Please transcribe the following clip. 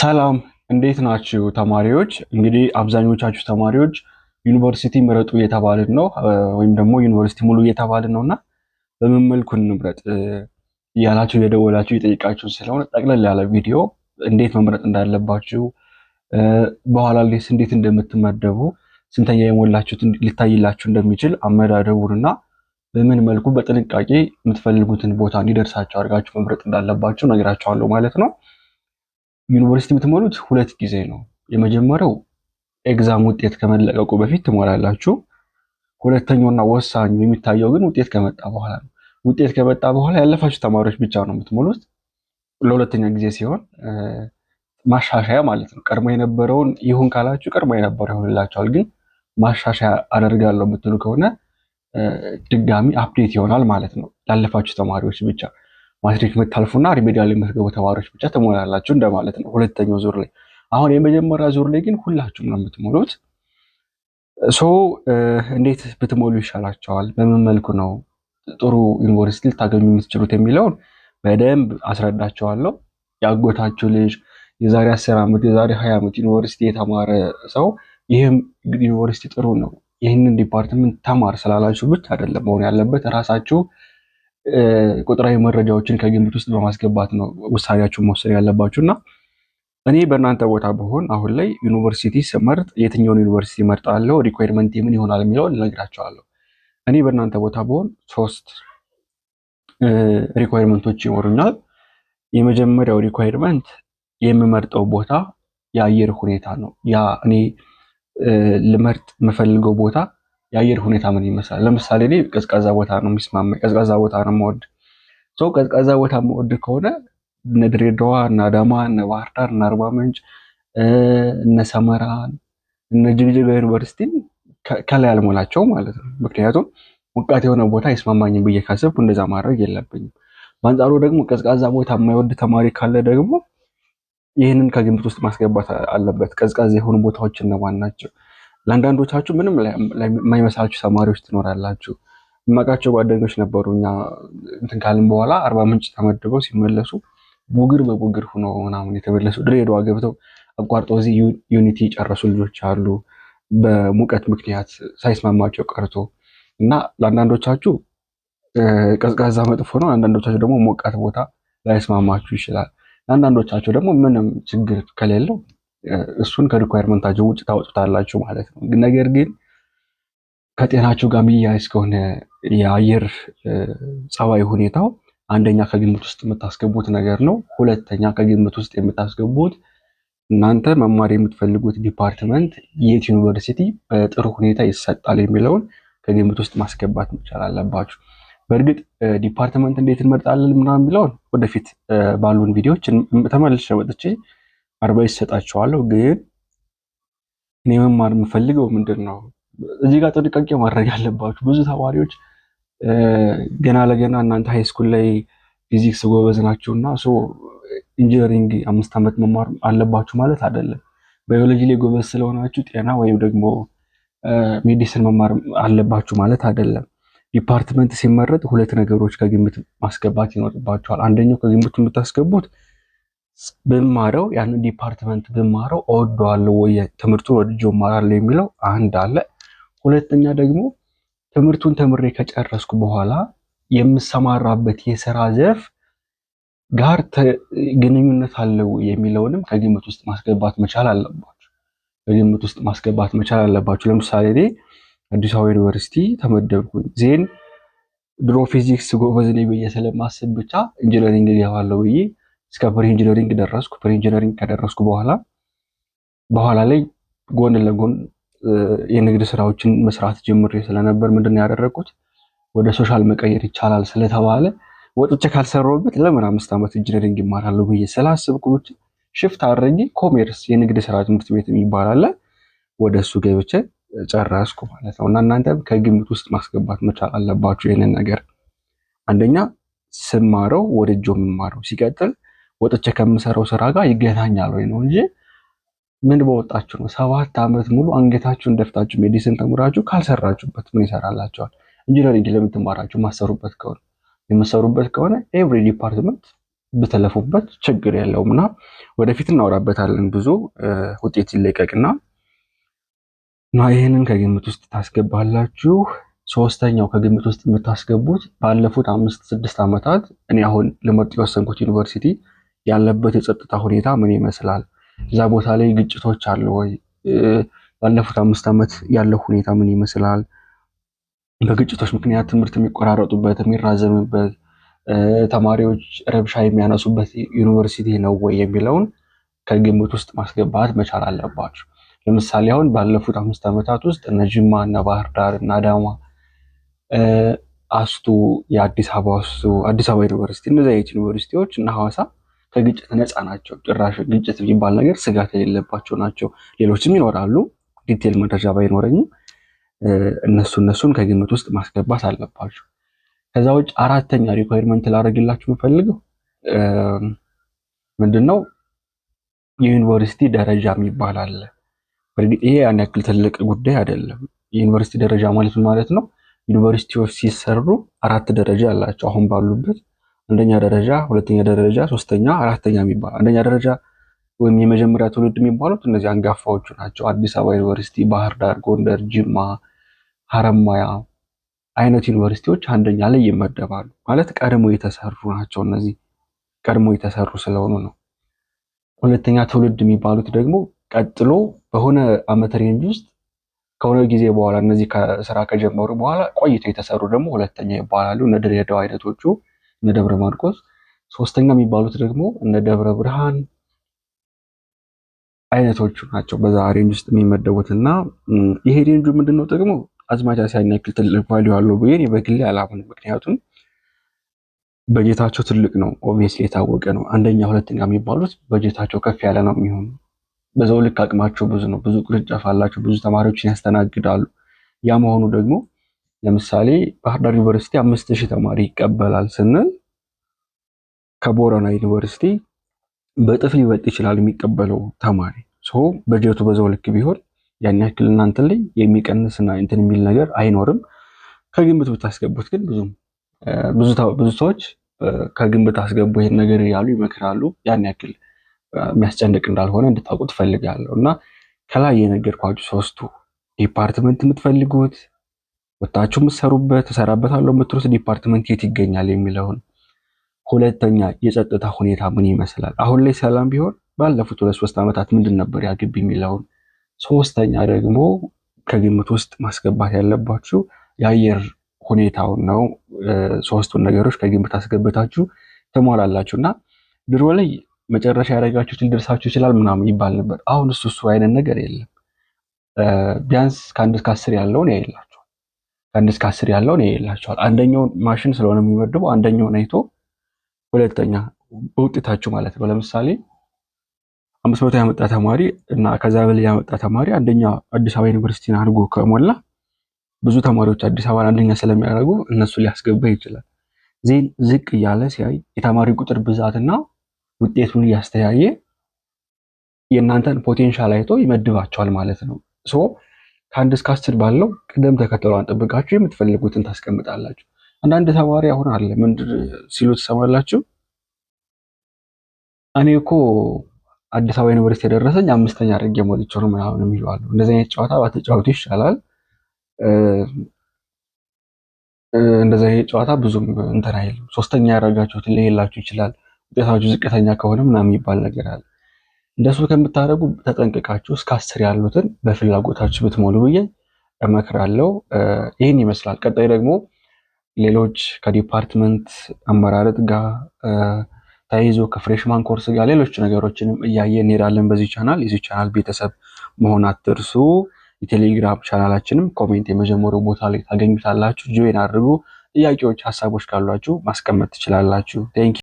ሰላም እንዴት ናችሁ ተማሪዎች? እንግዲህ አብዛኞቻችሁ ተማሪዎች ዩኒቨርሲቲ ምረጡ እየተባልን ነው፣ ወይም ደግሞ ዩኒቨርሲቲ ሙሉ እየተባልን ነው እና በምን መልኩ እንምረጥ እያላችሁ የደወላችሁ የጠይቃችሁ ስለሆነ ጠቅለል ያለ ቪዲዮ እንዴት መምረጥ እንዳለባችሁ፣ በኋላ ላይስ እንዴት እንደምትመደቡ፣ ስንተኛ የሞላችሁት ሊታይላችሁ እንደሚችል እና በምን መልኩ በጥንቃቄ የምትፈልጉትን ቦታ እንዲደርሳቸው አድርጋችሁ መምረጥ እንዳለባችሁ ነግራችኋለሁ ማለት ነው። ዩኒቨርሲቲ የምትሞሉት ሁለት ጊዜ ነው። የመጀመሪያው ኤግዛም ውጤት ከመለቀቁ በፊት ትሞላላችሁ። ሁለተኛውና ወሳኙ የሚታየው ግን ውጤት ከመጣ በኋላ ነው። ውጤት ከመጣ በኋላ ያለፋችሁ ተማሪዎች ብቻ ነው የምትሞሉት ለሁለተኛ ጊዜ ሲሆን ማሻሻያ ማለት ነው። ቀድሞ የነበረውን ይሁን ካላችሁ ቀድሞ የነበረው ይሆንላችኋል። ግን ማሻሻያ አደርጋለሁ የምትሉ ከሆነ ድጋሚ አፕዴት ይሆናል ማለት ነው፣ ላለፋችሁ ተማሪዎች ብቻ። ማትሪክ የምታልፉና ሪሜዲያል የምትገቡ ተማሪዎች ብቻ ትሞላላችሁ እንደማለት ነው። ሁለተኛው ዙር ላይ አሁን የመጀመሪያ ዙር ላይ ግን ሁላችሁም ነው የምትሞሉት። ሶ እንዴት ብትሞሉ ይሻላቸዋል? በምን መልኩ ነው ጥሩ ዩኒቨርሲቲ ልታገኙ የምትችሉት የሚለውን በደንብ አስረዳቸዋለሁ። ያጎታችሁ ልጅ የዛሬ አስር ዓመት የዛሬ ሀያ ዓመት ዩኒቨርሲቲ የተማረ ሰው ይህም ዩኒቨርሲቲ ጥሩ ነው ይህንን ዲፓርትመንት ተማር ስላላችሁ ብቻ አይደለም መሆን ያለበት ራሳችሁ ቁጥራዊ መረጃዎችን ከግምት ውስጥ በማስገባት ነው ውሳኔያችሁን መወሰን ያለባችሁ እና እኔ በእናንተ ቦታ ብሆን አሁን ላይ ዩኒቨርሲቲ ስመርጥ የትኛውን ዩኒቨርሲቲ እመርጣለሁ፣ ሪኳየርመንት ምን ይሆናል የሚለውን ልነግራቸዋለሁ። እኔ በእናንተ ቦታ ብሆን ሶስት ሪኳየርመንቶች ይኖሩኛል። የመጀመሪያው ሪኳይርመንት የምመርጠው ቦታ የአየር ሁኔታ ነው። ያ እኔ ልመርጥ የምፈልገው ቦታ የአየር ሁኔታ ምን ይመስላል? ለምሳሌ እኔ ቀዝቃዛ ቦታ ነው የሚስማማኝ፣ ቀዝቃዛ ቦታ ነው የምወድ ሰው። ቀዝቃዛ ቦታ የምወድ ከሆነ እነ ድሬዳዋ፣ እነ አዳማ፣ እነ ባህር ዳር፣ እነ አርባ ምንጭ፣ እነ ሰመራ፣ እነ ጅግጅጋ ዩኒቨርሲቲን ከላይ አልሞላቸው ማለት ነው። ምክንያቱም ሞቃት የሆነ ቦታ አይስማማኝም ብዬ ካሰብኩ እንደዛ ማድረግ የለብኝም። በአንጻሩ ደግሞ ቀዝቃዛ ቦታ የማይወድ ተማሪ ካለ ደግሞ ይህንን ከግምት ውስጥ ማስገባት አለበት። ቀዝቃዛ የሆኑ ቦታዎች እነማን ናቸው? ለአንዳንዶቻችሁ ምንም የማይመስላችሁ ተማሪዎች ትኖራላችሁ። የማውቃቸው ጓደኞች ነበሩ። እኛ እንትን ካልን በኋላ አርባ ምንጭ ተመድበው ሲመለሱ ቡግር በቡግር ሆኖ ምናምን የተመለሱ ድሬዳዋ ገብተው አቋርጠው እዚህ ዩኒቲ የጨረሱ ልጆች አሉ። በሙቀት ምክንያት ሳይስማማቸው ቀርቶ እና ለአንዳንዶቻችሁ ቀዝቃዛ መጥፎ ነው። አንዳንዶቻችሁ ደግሞ ሞቃት ቦታ ላይስማማችሁ ይችላል። ለአንዳንዶቻችሁ ደግሞ ምንም ችግር ከሌለው እሱን ከሪኳየርመንታቸው ውጭ ታወጡታላችሁ ማለት ነው። ነገር ግን ከጤናቸው ጋር የሚያያዝ ከሆነ የአየር ጸባይ ሁኔታው አንደኛ ከግምት ውስጥ የምታስገቡት ነገር ነው። ሁለተኛ ከግምት ውስጥ የምታስገቡት እናንተ መማር የምትፈልጉት ዲፓርትመንት የት ዩኒቨርሲቲ በጥሩ ሁኔታ ይሰጣል የሚለውን ከግምት ውስጥ ማስገባት መቻል አለባችሁ። በእርግጥ ዲፓርትመንት እንዴት እንመርጣለን ምናምን የሚለውን ወደፊት ባሉን ቪዲዮዎች ተመልሼ ወጥቼ አርባ ይሰጣቸዋለሁ ግን እኔ መማር የምፈልገው ምንድን ነው? እዚህ ጋር ጥንቃቄ ማድረግ ያለባችሁ ብዙ ተማሪዎች ገና ለገና እናንተ ሃይስኩል ላይ ፊዚክስ ጎበዝ ናችሁ እና ኢንጂነሪንግ አምስት ዓመት መማር አለባችሁ ማለት አይደለም። ባዮሎጂ ላይ ጎበዝ ስለሆናችሁ ጤና ወይም ደግሞ ሜዲሲን መማር አለባችሁ ማለት አይደለም። ዲፓርትመንት ሲመረጥ ሁለት ነገሮች ከግምት ማስገባት ይኖርባችኋል። አንደኛው ከግምት የምታስገቡት ብማረው ያንን ዲፓርትመንት ብማረው እወደዋለሁ ወይ ትምህርቱን ወድጄ እማራለሁ የሚለው አንድ አለ። ሁለተኛ ደግሞ ትምህርቱን ተምሬ ከጨረስኩ በኋላ የምሰማራበት የስራ ዘርፍ ጋር ግንኙነት አለው የሚለውንም ከግምት ውስጥ ማስገባት መቻል አለባችሁ። ከግምት ውስጥ ማስገባት መቻል አለባችሁ። ለምሳሌ እኔ አዲስ አበባ ዩኒቨርሲቲ ተመደብኩኝ። ዜን ድሮ ፊዚክስ ጎበዝ ነኝ ብዬ ስለማስብ ብቻ ኢንጂነሪንግ እገባለሁ ብዬ እስከ ፕሪ ኢንጂነሪንግ ደረስኩ። ፕሪ ኢንጂነሪንግ ከደረስኩ በኋላ በኋላ ላይ ጎን ለጎን የንግድ ስራዎችን መስራት ጀምሬ ስለነበር ምንድን ያደረኩት ያደረግኩት ወደ ሶሻል መቀየር ይቻላል ስለተባለ ወጥቼ ካልሰራሁበት ለምን አምስት ዓመት ኢንጂነሪንግ ይማራሉ ብዬ ስላስብኩ ብቻ ሽፍት አድርጌ ኮሜርስ የንግድ ስራ ትምህርት ቤት ይባላል ወደ እሱ ገብቼ ጨረስኩ ማለት ነው። እና እናንተም ከግምት ውስጥ ማስገባት መቻል አለባችሁ ይህንን ነገር። አንደኛ ስማረው ወደ እጆ የምማረው ሲቀጥል ወጥቼ ከምሰራው ስራ ጋር ይገናኛል ወይ ነው እንጂ ምን በወጣችሁ ነው? ሰባት ዓመት ሙሉ አንገታችሁን ደፍታችሁ ሜዲሲን ተምራችሁ ካልሰራችሁበት ምን ይሰራላችኋል? ኢንጂነሪንግ ለምትማራችሁ ማሰሩበት ከሆነ የምሰሩበት ከሆነ ኤቭሪ ዲፓርትመንት ብትለፉበት ችግር የለውም እና ወደፊት እናወራበታለን። ብዙ ውጤት ይለቀቅና እና ይህንን ከግምት ውስጥ ታስገባላችሁ። ሶስተኛው ከግምት ውስጥ የምታስገቡት ባለፉት አምስት ስድስት ዓመታት እኔ አሁን ልመርጥ የወሰንኩት ዩኒቨርሲቲ ያለበት የጸጥታ ሁኔታ ምን ይመስላል? እዛ ቦታ ላይ ግጭቶች አሉ ወይ? ባለፉት አምስት ዓመት ያለው ሁኔታ ምን ይመስላል? በግጭቶች ምክንያት ትምህርት የሚቆራረጡበት የሚራዘምበት፣ ተማሪዎች ረብሻ የሚያነሱበት ዩኒቨርሲቲ ነው ወይ የሚለውን ከግምት ውስጥ ማስገባት መቻል አለባቸው። ለምሳሌ አሁን ባለፉት አምስት ዓመታት ውስጥ እነ ጅማ እና ባህር ዳር እና አዳማ፣ አስቱ፣ የአዲስ አበባ አስቱ፣ አዲስ አበባ ዩኒቨርሲቲ እነዚያ ዩኒቨርሲቲዎች እና ሐዋሳ ከግጭት ነፃ ናቸው። ጭራሽ ግጭት የሚባል ነገር ስጋት የሌለባቸው ናቸው። ሌሎችም ይኖራሉ። ዲቴል መረጃ ባይኖረኝም እነሱ እነሱን ከግምት ውስጥ ማስገባት አለባቸው። ከዛ ውጭ አራተኛ ሪኳይርመንት ላደረግላችሁ የምፈልገው ምንድነው የዩኒቨርሲቲ ደረጃ የሚባል አለ። በእርግጥ ይሄ ያን ያክል ትልቅ ጉዳይ አይደለም። የዩኒቨርሲቲ ደረጃ ማለት ማለት ነው ዩኒቨርሲቲዎች ሲሰሩ አራት ደረጃ አላቸው አሁን ባሉበት አንደኛ ደረጃ፣ ሁለተኛ ደረጃ፣ ሶስተኛ፣ አራተኛ የሚባል አንደኛ ደረጃ ወይም የመጀመሪያ ትውልድ የሚባሉት እነዚህ አንጋፋዎቹ ናቸው። አዲስ አበባ ዩኒቨርሲቲ፣ ባህር ዳር፣ ጎንደር፣ ጅማ፣ ሀረማያ አይነት ዩኒቨርሲቲዎች አንደኛ ላይ ይመደባሉ። ማለት ቀድሞ የተሰሩ ናቸው። እነዚህ ቀድሞ የተሰሩ ስለሆኑ ነው። ሁለተኛ ትውልድ የሚባሉት ደግሞ ቀጥሎ በሆነ አመት ሬንጅ ውስጥ ከሆነ ጊዜ በኋላ እነዚህ ስራ ከጀመሩ በኋላ ቆይተው የተሰሩ ደግሞ ሁለተኛ ይባላሉ። እነ ድሬዳዋ አይነቶቹ እነ ደብረ ማርቆስ፣ ሶስተኛ የሚባሉት ደግሞ እነ ደብረ ብርሃን አይነቶቹ ናቸው በዛ ሬንጅ ውስጥ የሚመደቡት እና ይሄ ሬንጁ ምንድነው ጥቅሙ? አዝማቻ ሲያናክል ትልቅ ቫሊ አለው ብዬ በግሌ አላምንም። ምክንያቱም በጀታቸው ትልቅ ነው፣ ኦብቪየስሊ የታወቀ ነው። አንደኛ ሁለተኛ የሚባሉት በጀታቸው ከፍ ያለ ነው የሚሆኑ በዛው ልክ አቅማቸው ብዙ ነው። ብዙ ቅርንጫፍ አላቸው፣ ብዙ ተማሪዎችን ያስተናግዳሉ። ያ መሆኑ ደግሞ ለምሳሌ ባህር ዳር ዩኒቨርሲቲ አምስት ሺህ ተማሪ ይቀበላል ስንል ከቦረና ዩኒቨርሲቲ በጥፍ ሊበልጥ ይችላል የሚቀበለው ተማሪ። በጀቱ በዛው ልክ ቢሆን ያን ያክል እናንተ ላይ የሚቀንስና እንትን የሚል ነገር አይኖርም። ከግምት ብታስገቡት ግን ብዙ ሰዎች ከግምት አስገቡ ይሄን ነገር ያሉ ይመክራሉ። ያን ያክል የሚያስጨንቅ እንዳልሆነ እንድታውቁ ትፈልጋለሁ እና ከላይ የነገርኳችሁ ሶስቱ ዲፓርትመንት የምትፈልጉት ወጣችሁ የምትሰሩበት ትሰራበታለሁ የምትሉት ዲፓርትመንት የት ይገኛል የሚለውን። ሁለተኛ የጸጥታ ሁኔታ ምን ይመስላል? አሁን ላይ ሰላም ቢሆን ባለፉት ሁለት ሶስት ዓመታት ምንድን ነበር ያ ግቢ የሚለውን። ሶስተኛ ደግሞ ከግምት ውስጥ ማስገባት ያለባችሁ የአየር ሁኔታውን ነው። ሶስቱን ነገሮች ከግምት አስገብታችሁ ትሞላላችሁ እና ድሮ ላይ መጨረሻ ያደረጋችሁት ሊደርሳችሁ ይችላል ምናምን ይባል ነበር። አሁን እሱ እሱ አይነት ነገር የለም። ቢያንስ ከአንድ እስከ አስር ያለውን ያይላችሁ። ከአንድ እስከ አስር ያለውን ይላቸዋል። አንደኛው ማሽን ስለሆነ የሚመድበው አንደኛውን አይቶ ሁለተኛ በውጤታችሁ ማለት ነው። ለምሳሌ አምስት መቶ ያመጣ ተማሪ እና ከዛ በላይ ያመጣ ተማሪ አንደኛ አዲስ አበባ ዩኒቨርሲቲን አድርጎ ከሞላ ብዙ ተማሪዎች አዲስ አበባን አንደኛ ስለሚያደርጉ እነሱ ሊያስገባ ይችላል። ዜን ዝቅ እያለ ሲያይ የተማሪ ቁጥር ብዛትና ውጤቱን እያስተያየ የእናንተን ፖቴንሻል አይቶ ይመድባቸዋል ማለት ነው። ከአንድ እስከ አስር ባለው ቅደም ተከተሏን ጠብቃችሁ የምትፈልጉትን ታስቀምጣላችሁ። አንዳንድ ተማሪ አሁን አለ ምንድን ሲሉ ትሰማላችሁ። እኔ እኮ አዲስ አበባ ዩኒቨርሲቲ የደረሰኝ አምስተኛ አድርጌ ሞልቼ ነው ምናምን የሚለዋሉ። እንደዚህ አይነት ጨዋታ ባትጫወቱ ይሻላል። እንደዚህ አይነት ጨዋታ ብዙም እንትን አይልም። ሶስተኛ ያደረጋችሁት ሊሄላችሁ ይችላል። ውጤታችሁ ዝቅተኛ ከሆነ ምናምን ይባል ነገር አለ። እንደሱ ከምታደርጉ ተጠንቅቃችሁ እስከ አስር ያሉትን በፍላጎታችሁ ብትሞሉ ብዬ እመክራለሁ። ይህን ይመስላል። ቀጣይ ደግሞ ሌሎች ከዲፓርትመንት አመራረጥ ጋር ተያይዞ ከፍሬሽማን ኮርስ ጋር ሌሎች ነገሮችንም እያየ እንሄዳለን በዚህ ቻናል። የዚህ ቻናል ቤተሰብ መሆን አትርሱ። የቴሌግራም ቻናላችንም ኮሜንት የመጀመሪያው ቦታ ላይ ታገኙታላችሁ። ጆይን አድርጉ። ጥያቄዎች፣ ሀሳቦች ካሏችሁ ማስቀመጥ ትችላላችሁ። ቴንክ